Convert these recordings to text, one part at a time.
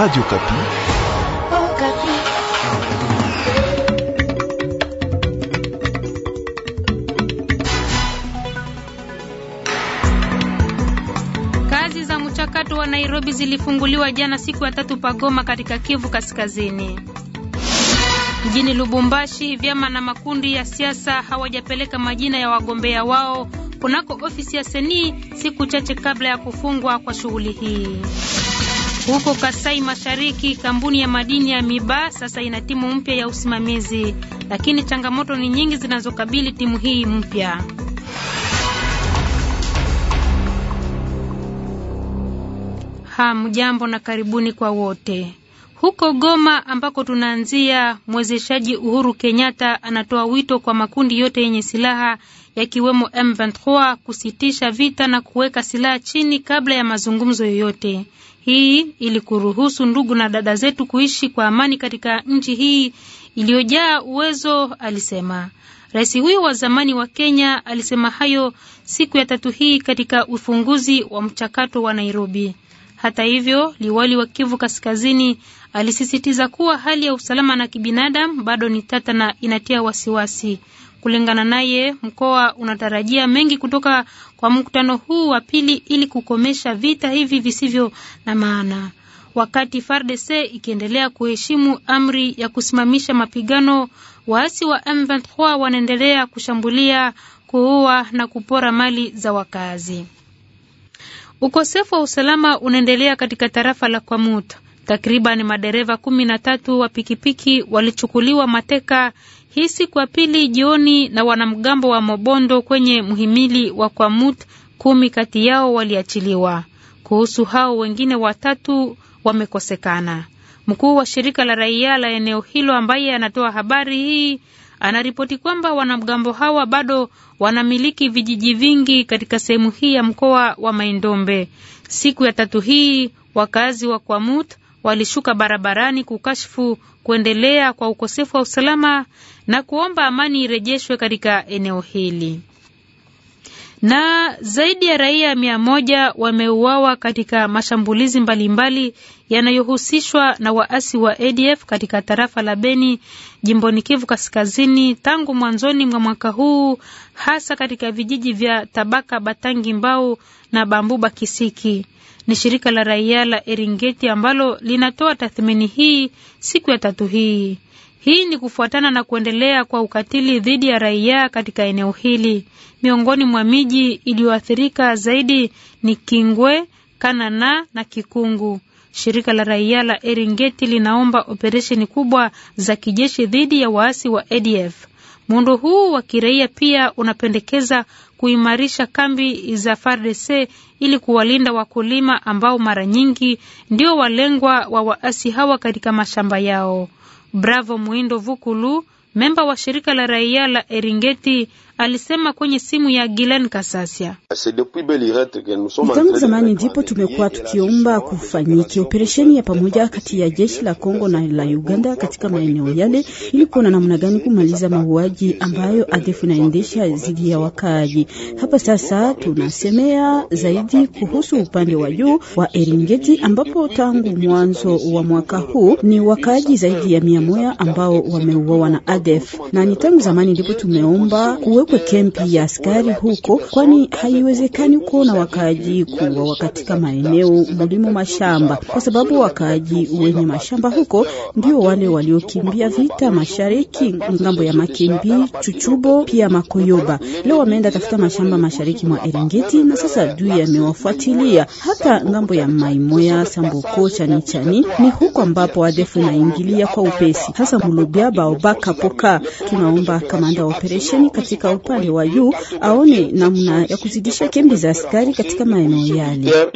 Radio oh, Kapi. Kazi za mchakato wa Nairobi zilifunguliwa jana siku ya tatu pagoma katika Kivu Kaskazini. Mjini Lubumbashi, vyama na makundi ya siasa hawajapeleka majina ya wagombea wao kunako ofisi ya Seni siku chache kabla ya kufungwa kwa shughuli hii. Huko Kasai Mashariki, kampuni ya madini ya Miba sasa ina timu mpya ya usimamizi, lakini changamoto ni nyingi zinazokabili timu hii mpya. Hamjambo na karibuni kwa wote. Huko Goma ambako tunaanzia, mwezeshaji Uhuru Kenyatta anatoa wito kwa makundi yote yenye silaha yakiwemo M23 kusitisha vita na kuweka silaha chini kabla ya mazungumzo yoyote. Hii ili kuruhusu ndugu na dada zetu kuishi kwa amani katika nchi hii iliyojaa uwezo, alisema. Rais huyo wa zamani wa Kenya alisema hayo siku ya tatu hii katika ufunguzi wa mchakato wa Nairobi. Hata hivyo, liwali wa Kivu Kaskazini alisisitiza kuwa hali ya usalama na kibinadamu bado ni tata na inatia wasiwasi. Kulingana naye, mkoa unatarajia mengi kutoka kwa mkutano huu wa pili ili kukomesha vita hivi visivyo na maana. Wakati FARDC ikiendelea kuheshimu amri ya kusimamisha mapigano, waasi wa M23 wanaendelea kushambulia, kuua na kupora mali za wakazi. Ukosefu wa usalama unaendelea katika tarafa la kwamut Takriban madereva kumi na tatu wa pikipiki walichukuliwa mateka hii siku ya pili jioni na wanamgambo wa Mobondo kwenye mhimili wa Kwamut, kumi kati yao waliachiliwa. Kuhusu hao wengine watatu wamekosekana. Mkuu wa shirika la raia la eneo hilo ambaye anatoa habari hii anaripoti kwamba wanamgambo hawa bado wanamiliki vijiji vingi katika sehemu hii ya mkoa wa Maindombe. Siku ya tatu hii wakazi wa Kwamut walishuka barabarani kukashfu kuendelea kwa ukosefu wa usalama na kuomba amani irejeshwe katika eneo hili. Na zaidi ya raia mia moja wameuawa katika mashambulizi mbalimbali yanayohusishwa na waasi wa ADF katika tarafa la Beni jimboni Kivu Kaskazini tangu mwanzoni mwa mwaka huu, hasa katika vijiji vya Tabaka, Batangi, Mbau na Bambuba Kisiki. Ni shirika la raia la Eringeti ambalo linatoa tathmini hii siku ya tatu hii. Hii ni kufuatana na kuendelea kwa ukatili dhidi ya raia katika eneo hili. Miongoni mwa miji iliyoathirika zaidi ni Kingwe, Kanana na Kikungu. Shirika la raia la Eringeti linaomba operesheni kubwa za kijeshi dhidi ya waasi wa ADF. Muundo huu wa kiraia pia unapendekeza kuimarisha kambi za FARDC ili kuwalinda wakulima ambao mara nyingi ndio walengwa wa waasi hawa katika mashamba yao. Bravo Mwindo Vukulu, memba wa shirika la raia la Eringeti, alisema kwenye simu ya Gilen Kasasia. Tangu zamani ndipo tumekuwa tukiomba kufanyike operesheni ya pamoja kati ya jeshi la Kongo na la Uganda katika maeneo yale ili kuona namna gani kumaliza mauaji ambayo ADF inaendesha dhidi ya wakaaji hapa. Sasa tunasemea zaidi kuhusu upande wa juu wa Eringeti ambapo tangu mwanzo wa mwaka huu ni wakaaji zaidi ya mia moja ambao wameuawa na ADF, na ni tangu zamani ndipo tumeomba kuwe wawekwe kempi ya askari huko, kwani haiwezekani kuona wakaaji kuwa katika maeneo mlimo mashamba, kwa sababu wakaaji wenye mashamba huko ndio wale waliokimbia vita mashariki ngambo ya Makimbi, Chuchubo pia Makoyoba. Leo wameenda tafuta mashamba mashariki mwa Eringeti na sasa adui amewafuatilia hata ngambo ya Maimoya, Samboko, Chani Chani. Ni huko ambapo adefu inaingilia kwa upesi, hasa Mulubya, Baobaka, Poka. Tunaomba kamanda wa operesheni katika upande wa juu aone namna ya kuzidisha kembi za askari katika maeneo yale.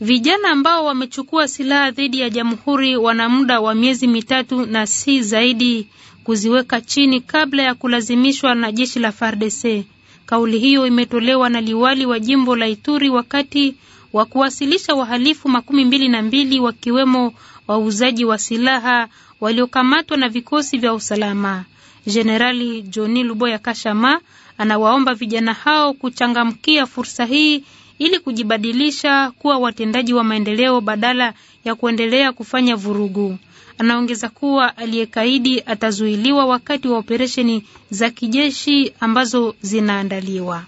Vijana ambao wamechukua silaha dhidi ya jamhuri wana muda wa miezi mitatu na si zaidi kuziweka chini kabla ya kulazimishwa na jeshi la FARDC. Kauli hiyo imetolewa na liwali wa jimbo la Ituri wakati wa kuwasilisha wahalifu makumi mbili na mbili wakiwemo wauzaji wa silaha waliokamatwa na vikosi vya usalama. Jenerali Joni Luboya Kashama anawaomba vijana hao kuchangamkia fursa hii ili kujibadilisha kuwa watendaji wa maendeleo badala ya kuendelea kufanya vurugu. Anaongeza kuwa aliyekaidi atazuiliwa wakati wa operesheni za kijeshi ambazo zinaandaliwa.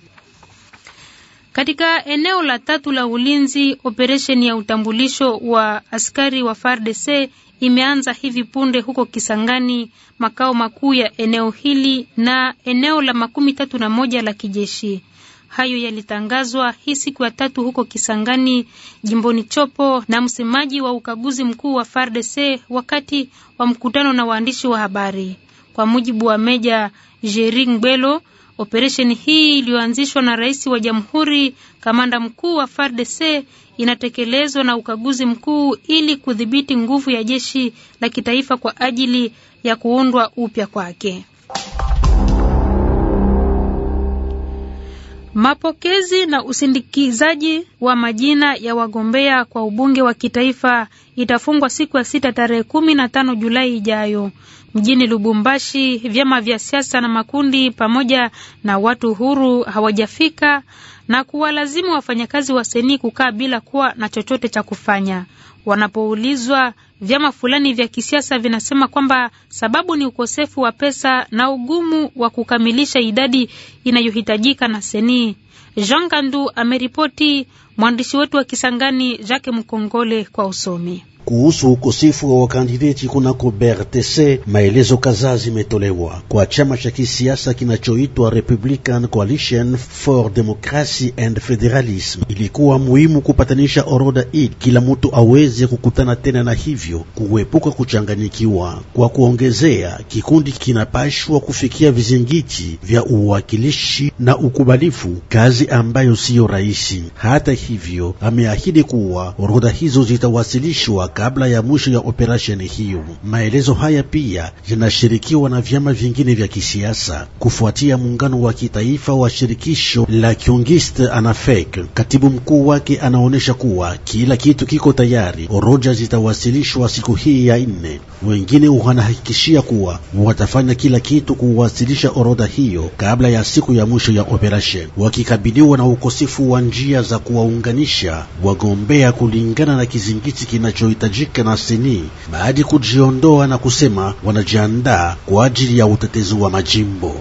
Katika eneo la tatu la ulinzi, operesheni ya utambulisho wa askari wa FARDC imeanza hivi punde huko Kisangani, makao makuu ya eneo hili na eneo la makumi tatu na moja la kijeshi. Hayo yalitangazwa hii siku ya tatu huko Kisangani, jimboni Chopo, na msemaji wa ukaguzi mkuu wa FARDC wakati wa mkutano na waandishi wa habari. Kwa mujibu wa Meja Jering Belo, Operesheni hii iliyoanzishwa na rais wa jamhuri, kamanda mkuu wa FARDC, inatekelezwa na ukaguzi mkuu ili kudhibiti nguvu ya jeshi la kitaifa kwa ajili ya kuundwa upya kwake. Mapokezi na usindikizaji wa majina ya wagombea kwa ubunge wa kitaifa itafungwa siku ya sita tarehe kumi na tano Julai ijayo. Mjini Lubumbashi, vyama vya siasa na makundi pamoja na watu huru hawajafika na kuwalazimu wafanyakazi wa seni kukaa bila kuwa na chochote cha kufanya. Wanapoulizwa, vyama fulani vya kisiasa vinasema kwamba sababu ni ukosefu wa pesa na ugumu wa kukamilisha idadi inayohitajika na seni. Jean Gandu ameripoti, mwandishi wetu wa Kisangani Jake Mkongole kwa usomi kuhusu ukosefu wa wakandideti kunako BRTC, maelezo kadhaa zimetolewa kwa chama cha kisiasa kinachoitwa Republican Coalition for Democracy and Federalism. Ilikuwa muhimu kupatanisha orodha ili kila mtu aweze kukutana tena na hivyo kuepuka kuchanganyikiwa. Kwa kuongezea, kikundi kinapashwa kufikia vizingiti vya uwakilishi na ukubalifu, kazi ambayo siyo rahisi. Hata hivyo, ameahidi kuwa orodha hizo zitawasilishwa kabla ya mwisho ya operasheni hiyo. Maelezo haya pia yanashirikiwa na vyama vingine vya kisiasa kufuatia muungano wa kitaifa wa shirikisho la Kiungist Anafek. Katibu mkuu wake anaonyesha kuwa kila kitu kiko tayari, oroja zitawasilishwa siku hii ya nne. Wengine wanahakikishia kuwa watafanya kila kitu kuwasilisha orodha hiyo kabla ya siku ya mwisho ya operation, wakikabiliwa na ukosefu wa njia za kuwaunganisha wagombea kulingana na kizingiti kinachohitajika na seni baadi kujiondoa na kusema wanajiandaa kwa ajili ya utetezi wa majimbo.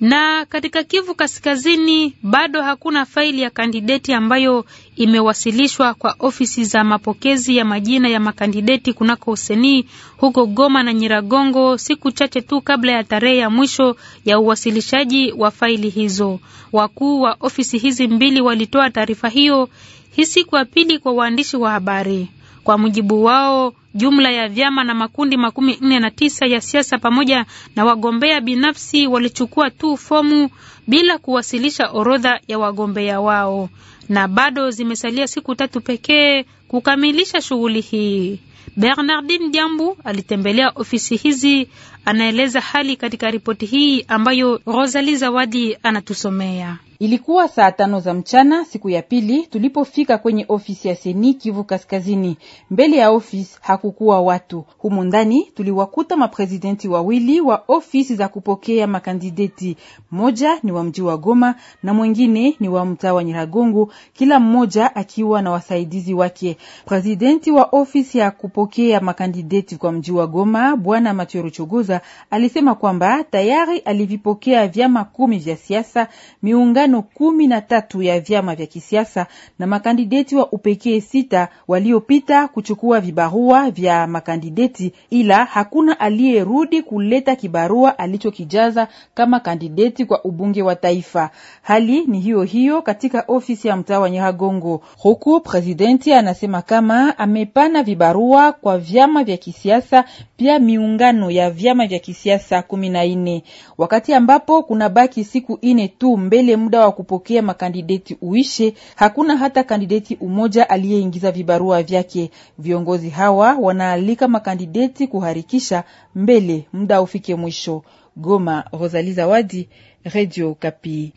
Na katika Kivu Kaskazini bado hakuna faili ya kandideti ambayo imewasilishwa kwa ofisi za mapokezi ya majina ya makandideti kunako useni huko Goma na Nyiragongo, siku chache tu kabla ya tarehe ya mwisho ya uwasilishaji wa faili hizo. Wakuu wa ofisi hizi mbili walitoa taarifa hiyo hii siku ya pili kwa waandishi wa habari. Kwa mujibu wao, jumla ya vyama na makundi makumi nne na tisa ya siasa pamoja na wagombea binafsi walichukua tu fomu bila kuwasilisha orodha ya wagombea wao, na bado zimesalia siku tatu pekee kukamilisha shughuli hii. Bernardin Jambu alitembelea ofisi hizi, anaeleza hali katika ripoti hii ambayo Rosalie Zawadi anatusomea. Ilikuwa saa tano za mchana siku ya pili tulipofika kwenye ofisi ya Seni Kivu Kaskazini. Mbele ya ofisi hakukuwa watu. Humu ndani tuliwakuta maprezidenti wawili wa ofisi za kupokea makandideti. Mmoja ni wa mji wa Goma na mwingine ni wa mtaa wa Nyiragongo, kila mmoja akiwa na wasaidizi wake. Prezidenti wa ofisi ya kupokea makandideti kwa mji wa Goma, Bwana Mathieu Ruchuguza, alisema kwamba tayari alivipokea vyama kumi vya siasa miungano mapatano kumi na tatu ya vyama vya kisiasa na makandideti wa upekee sita waliopita kuchukua vibarua vya makandideti, ila hakuna aliyerudi kuleta kibarua alichokijaza kama kandideti kwa ubunge wa taifa. Hali ni hiyo hiyo katika ofisi ya mtaa wa Nyiragongo, huku presidenti anasema kama amepana vibarua kwa vyama vya kisiasa pia miungano ya vyama vya kisiasa kumi na nne wakati ambapo kuna baki siku ine tu mbele muda wa kupokea makandideti uishe, hakuna hata kandideti umoja aliyeingiza vibarua vyake. Viongozi hawa wanaalika makandideti kuharikisha mbele muda ufike mwisho. Goma, Rosali Zawadi, Radio Kapi.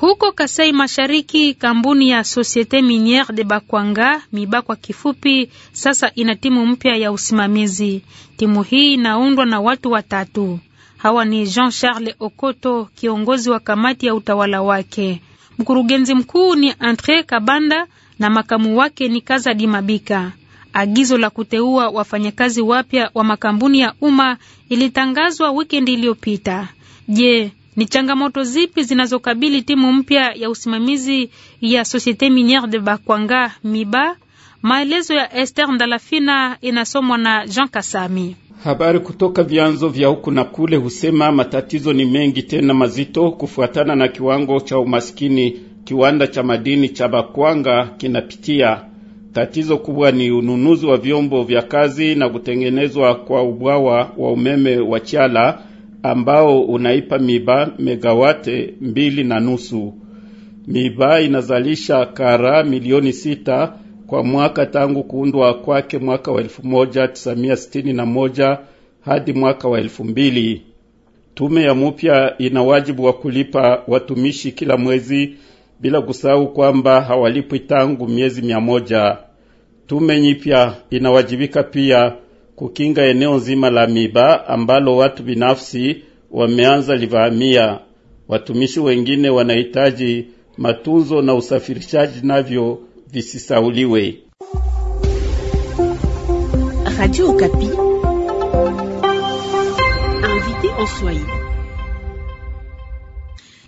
Huko Kasai Mashariki, kampuni ya Societe Miniere de Bakwanga Miba kwa kifupi, sasa ina timu mpya ya usimamizi. Timu hii inaundwa na watu watatu. Hawa ni Jean Charles Okoto, kiongozi wa kamati ya utawala wake. Mkurugenzi mkuu ni Andre Kabanda na makamu wake ni Kazadi Mabika. Agizo la kuteua wafanyakazi wapya wa makampuni ya umma ilitangazwa wikendi iliyopita. Je, ni changamoto zipi zinazokabili timu mpya ya usimamizi ya Societe Miniere de Bakwanga Miba Maelezo ya Esther Ndalafina inasomwa na Jean Kasami. Habari kutoka vyanzo vya huku na kule husema matatizo ni mengi tena mazito kufuatana na kiwango cha umaskini kiwanda cha madini cha Bakwanga kinapitia. Tatizo kubwa ni ununuzi wa vyombo vya kazi na kutengenezwa kwa ubwawa wa umeme wa Chala ambao unaipa miba megawate mbili na nusu. Miba inazalisha kara milioni sita kwa mwaka tangu kuundwa kwake mwaka wa 1961 hadi mwaka wa 2000. Tume ya mupya ina wajibu wa kulipa watumishi kila mwezi bila kusahau kwamba hawalipwi tangu miezi mia moja. Tume nyipya inawajibika pia kukinga eneo nzima la miba ambalo watu binafsi wameanza livahamia. Watumishi wengine wanahitaji matunzo na usafirishaji navyo visisauliwe. Radio Okapi invité en Swahili.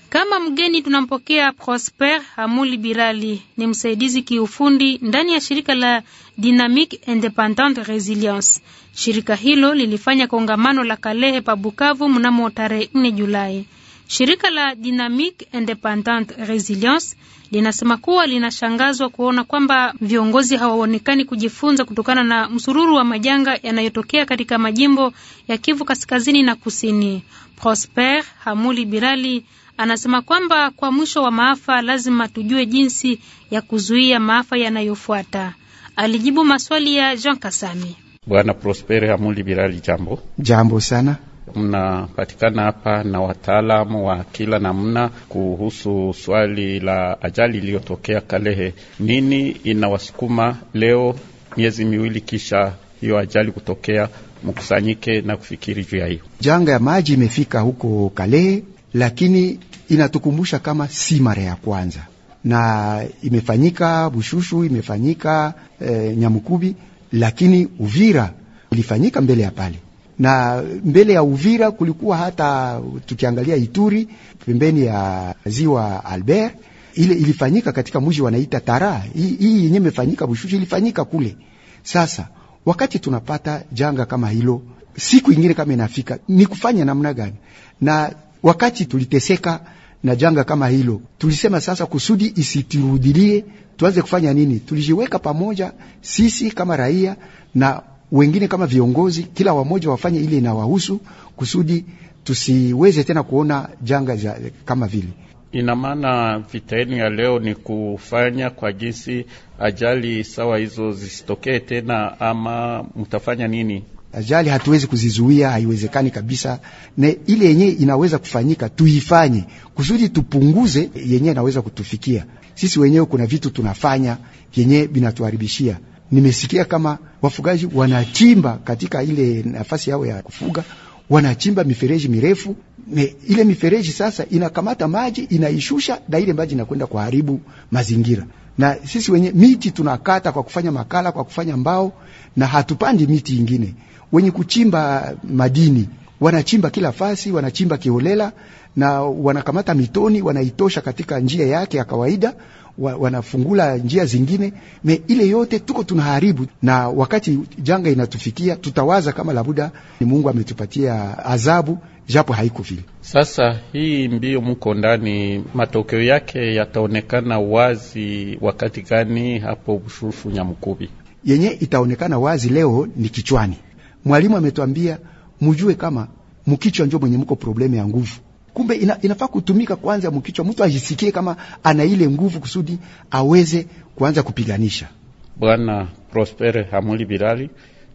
Kama mgeni tunampokea Prosper Hamuli Birali, ni msaidizi kiufundi ndani ya shirika la Dynamique Independante Resilience. Shirika hilo lilifanya kongamano la Kalehe pa Bukavu mnamo tarehe 4 Julai. Shirika la Dynamique Independante Resilience linasema kuwa linashangazwa kuona kwamba viongozi hawaonekani kujifunza kutokana na msururu wa majanga yanayotokea katika majimbo ya Kivu Kaskazini na Kusini. Prosper Hamuli Birali anasema kwamba kwa mwisho wa maafa lazima tujue jinsi ya kuzuia maafa yanayofuata. Alijibu maswali ya Jean Kasami. Bwana Prosper Hamuli Birali, jambo. Jambo sana mnapatikana hapa na wataalamu wa kila namna kuhusu swali la ajali iliyotokea Kalehe. Nini inawasukuma leo miezi miwili kisha hiyo ajali kutokea, mkusanyike na kufikiri juu ya hiyo janga ya maji imefika huko Kalehe, lakini inatukumbusha kama si mara ya kwanza, na imefanyika Bushushu, imefanyika e, Nyamukubi, lakini Uvira ilifanyika mbele ya pale na mbele ya Uvira kulikuwa hata tukiangalia Ituri pembeni ya ziwa Albert, ile ilifanyika katika mji wanaita Tara. Hii yenyewe imefanyika Bushushi ilifanyika kule. Sasa wakati tunapata janga kama hilo, siku ingine kama inafika ni kufanya namna gani? Na wakati tuliteseka na janga kama hilo, tulisema sasa, kusudi isiturudilie, tuanze kufanya nini? Tulijiweka pamoja sisi kama raia na wengine kama viongozi, kila wamoja wafanye ile inawahusu kusudi tusiweze tena kuona janga ja, kama vile ina maana vitaeni ya leo ni kufanya kwa jinsi ajali sawa hizo zisitokee tena, ama mtafanya nini? Ajali hatuwezi kuzizuia, haiwezekani kabisa, na ile yenyewe inaweza kufanyika tuifanye kusudi tupunguze yenyewe inaweza kutufikia sisi wenyewe. Kuna vitu tunafanya yenyewe vinatuharibishia nimesikia kama wafugaji wanachimba katika ile nafasi yao ya kufuga, wanachimba mifereji mirefu ne, ile mifereji sasa inakamata maji inaishusha, na ile maji inakwenda kuharibu mazingira. Na sisi wenye miti tunakata kwa kufanya makala, kwa kufanya mbao, na hatupandi miti ingine. Wenye kuchimba madini wanachimba kila fasi, wanachimba kiolela na wanakamata mitoni wanaitosha katika njia yake ya kawaida wa, wanafungula njia zingine me ile yote tuko tunaharibu, na wakati janga inatufikia tutawaza kama labuda ni Mungu ametupatia adhabu, japo haiko vile. Sasa hii mbio mko ndani, matokeo yake yataonekana wazi wakati gani? Hapo bushurufu Nyamukubi yenye itaonekana wazi leo ni kichwani. Mwalimu ametuambia mujue kama mkichwa njo mwenye mko probleme ya nguvu. Kumbe ina, inafaa kutumika kwanza mkichwa, mtu ajisikie kama ana ile nguvu kusudi aweze kuanza kupiganisha. Bwana Prospere Hamuli Bilali,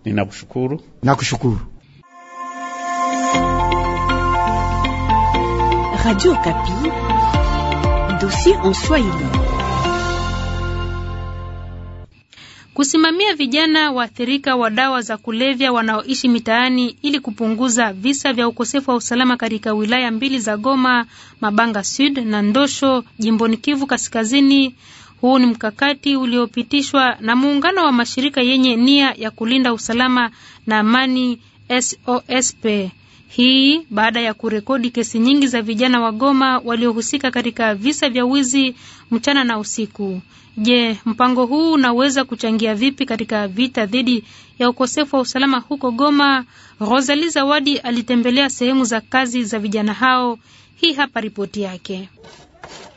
ninakushukuru. Nakushukuru. Radio Kapi, dossier en Swahili. kusimamia vijana waathirika wa dawa za kulevya wanaoishi mitaani ili kupunguza visa vya ukosefu wa usalama katika wilaya mbili za Goma, Mabanga Sud na Ndosho, jimboni Kivu Kaskazini. Huu ni mkakati uliopitishwa na muungano wa mashirika yenye nia ya kulinda usalama na amani SOSP. Hii baada ya kurekodi kesi nyingi za vijana wa Goma waliohusika katika visa vya wizi mchana na usiku. Je, mpango huu unaweza kuchangia vipi katika vita dhidi ya ukosefu wa usalama huko Goma? Rosalie Zawadi alitembelea sehemu za kazi za vijana hao. Hii hapa ripoti yake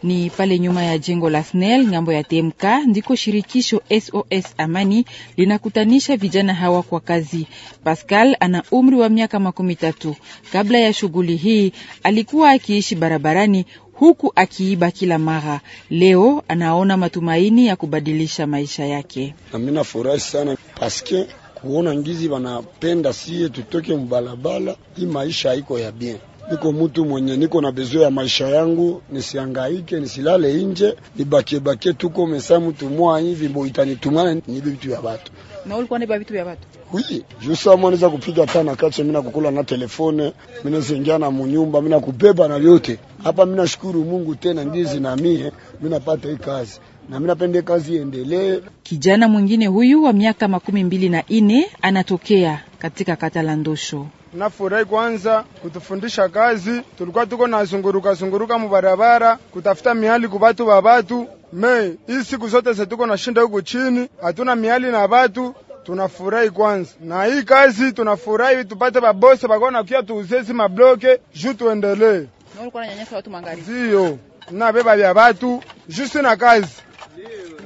ni pale nyuma ya jengo la SNEL ngambo ya TMK ndiko shirikisho SOS Amani linakutanisha vijana hawa kwa kazi. Pascal ana umri wa miaka makumi tatu. Kabla ya shughuli hii alikuwa akiishi barabarani huku akiiba kila mara. Leo anaona matumaini ya kubadilisha maisha yake. Na mimi nafurahi sana paske kuona ngizi wanapenda sie tutoke mbalabala, hii maisha haiko ya bien niko mtu mwenye niko na bezo ya maisha yangu, nisiangaike, nisilale nje, inje, nibakiebake tuko mesa mtu mwa hivi mbo itanitumana nibe vitu vya watu. na ulikuwa ni vitu vya watu oui jusa mwa niza kupiga tana kache, mina kukula na telefone, mina zingia na munyumba, mina kubeba na vyote hapa. Mina shukuru Mungu tena ndizi na mie mina pata hii kazi na mimi napende kazi iendelee. Kijana mwingine huyu wa miaka makumi mbili na ine anatokea katika kata la Ndosho nafurahi kwanza kutufundisha kazi. Tulikuwa tuko nazunguruka zunguruka mubarabara kutafuta mihali kubatu ba batu me, hii siku zote na shinda huku chini, hatuna mihali na batu tunafurahi kwanza na hii kazi, tunafurahi tupate babose bako nakia tuuzezi mabloke ju tuendelee. Ndio nabeba vya batu jusi na kazi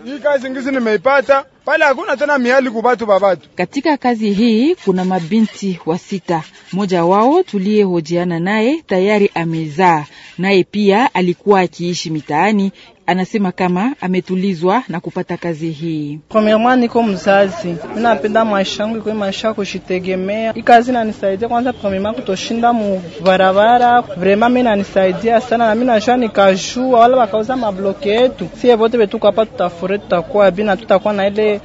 hii kazi ngizi nimeipata pale, hakuna tena miali kubatu babatu. Katika kazi hii kuna mabinti wa sita mmoja wao tuliyehojiana naye tayari amezaa, naye pia alikuwa akiishi mitaani anasema kama ametulizwa na kupata kazi hii. Premierement, niko mzazi, minapenda maisha yangu iko maisha kushitegemea. Hii kazi inanisaidia kwanza, premierement kutoshinda mubarabara, vraiment mi nanisaidia sana, na mi najua nikajua wala wakauza mabloke yetu, sie vote vetuko hapa, tutafure tutakuwa bina, tutakuwa na ile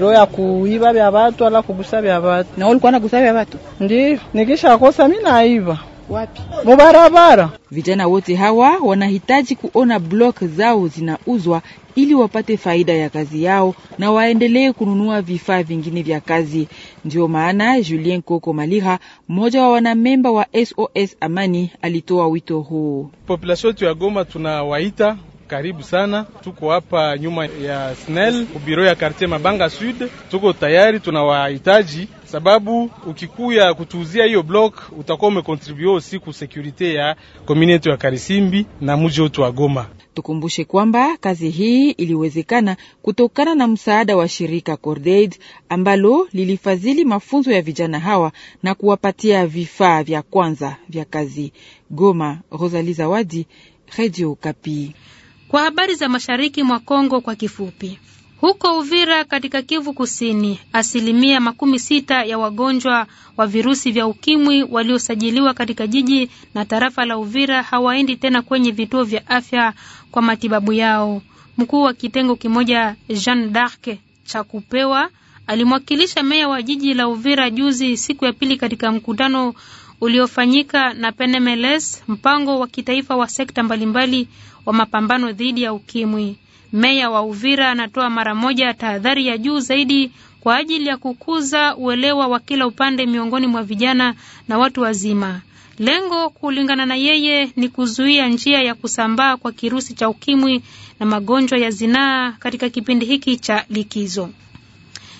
roho ya kuiba vya watu wala kugusa vya watu. Na ulikuwa nagusa vya watu? Ndio, nikisha kosa mi naiba wapi? Mubarabara. Vijana wote hawa wanahitaji kuona blok zao zinauzwa ili wapate faida ya kazi yao na waendelee kununua vifaa vingine vya kazi. Ndio maana Julien Koko Malira, mmoja wa wanamemba wa SOS Amani, alitoa wito huu. Population yetu ya Goma tunawaita karibu sana, tuko hapa nyuma ya SNEL, ubiro ya quartier Mabanga Sud. Tuko tayari tunawahitaji sababu ukikuya kutuuzia hiyo block utakuwa umekontribue siku security ya community ya Karisimbi na mji wetu wa Goma. Tukumbushe kwamba kazi hii iliwezekana kutokana na msaada wa shirika Cordaid ambalo lilifadhili mafunzo ya vijana hawa na kuwapatia vifaa vya kwanza vya kazi. Goma, Rosalie Zawadi, Radio Kapi. Kwa habari za mashariki mwa Kongo kwa kifupi huko Uvira katika Kivu Kusini, asilimia makumi sita ya wagonjwa wa virusi vya ukimwi waliosajiliwa katika jiji na tarafa la Uvira hawaendi tena kwenye vituo vya afya kwa matibabu yao. Mkuu wa kitengo kimoja Jean Dark cha kupewa alimwakilisha meya wa jiji la Uvira juzi siku ya pili katika mkutano uliofanyika na PNMLS, mpango wa kitaifa wa sekta mbalimbali wa mapambano dhidi ya ukimwi. Meya wa Uvira anatoa mara moja tahadhari ya juu zaidi kwa ajili ya kukuza uelewa wa kila upande miongoni mwa vijana na watu wazima. Lengo kulingana na yeye ni kuzuia njia ya kusambaa kwa kirusi cha ukimwi na magonjwa ya zinaa katika kipindi hiki cha likizo.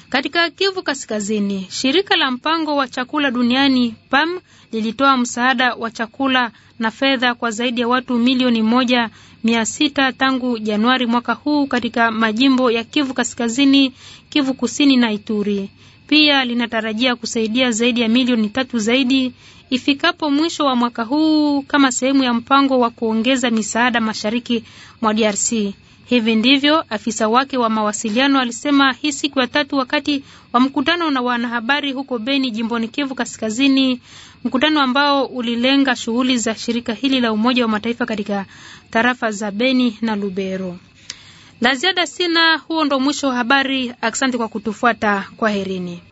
Katika Kivu Kaskazini, shirika la mpango wa chakula duniani PAM lilitoa msaada wa chakula na fedha kwa zaidi ya watu milioni moja mia sita tangu Januari mwaka huu katika majimbo ya Kivu Kaskazini, Kivu Kusini na Ituri. Pia linatarajia kusaidia zaidi ya milioni tatu zaidi ifikapo mwisho wa mwaka huu kama sehemu ya mpango wa kuongeza misaada mashariki mwa DRC. Hivi ndivyo afisa wake wa mawasiliano alisema hii siku ya tatu wakati wa mkutano na wanahabari huko Beni jimboni Kivu Kaskazini, mkutano ambao ulilenga shughuli za shirika hili la Umoja wa Mataifa katika tarafa za Beni na Lubero. La ziada sina. Huo ndo mwisho wa habari. Asante kwa kutufuata. Kwaherini.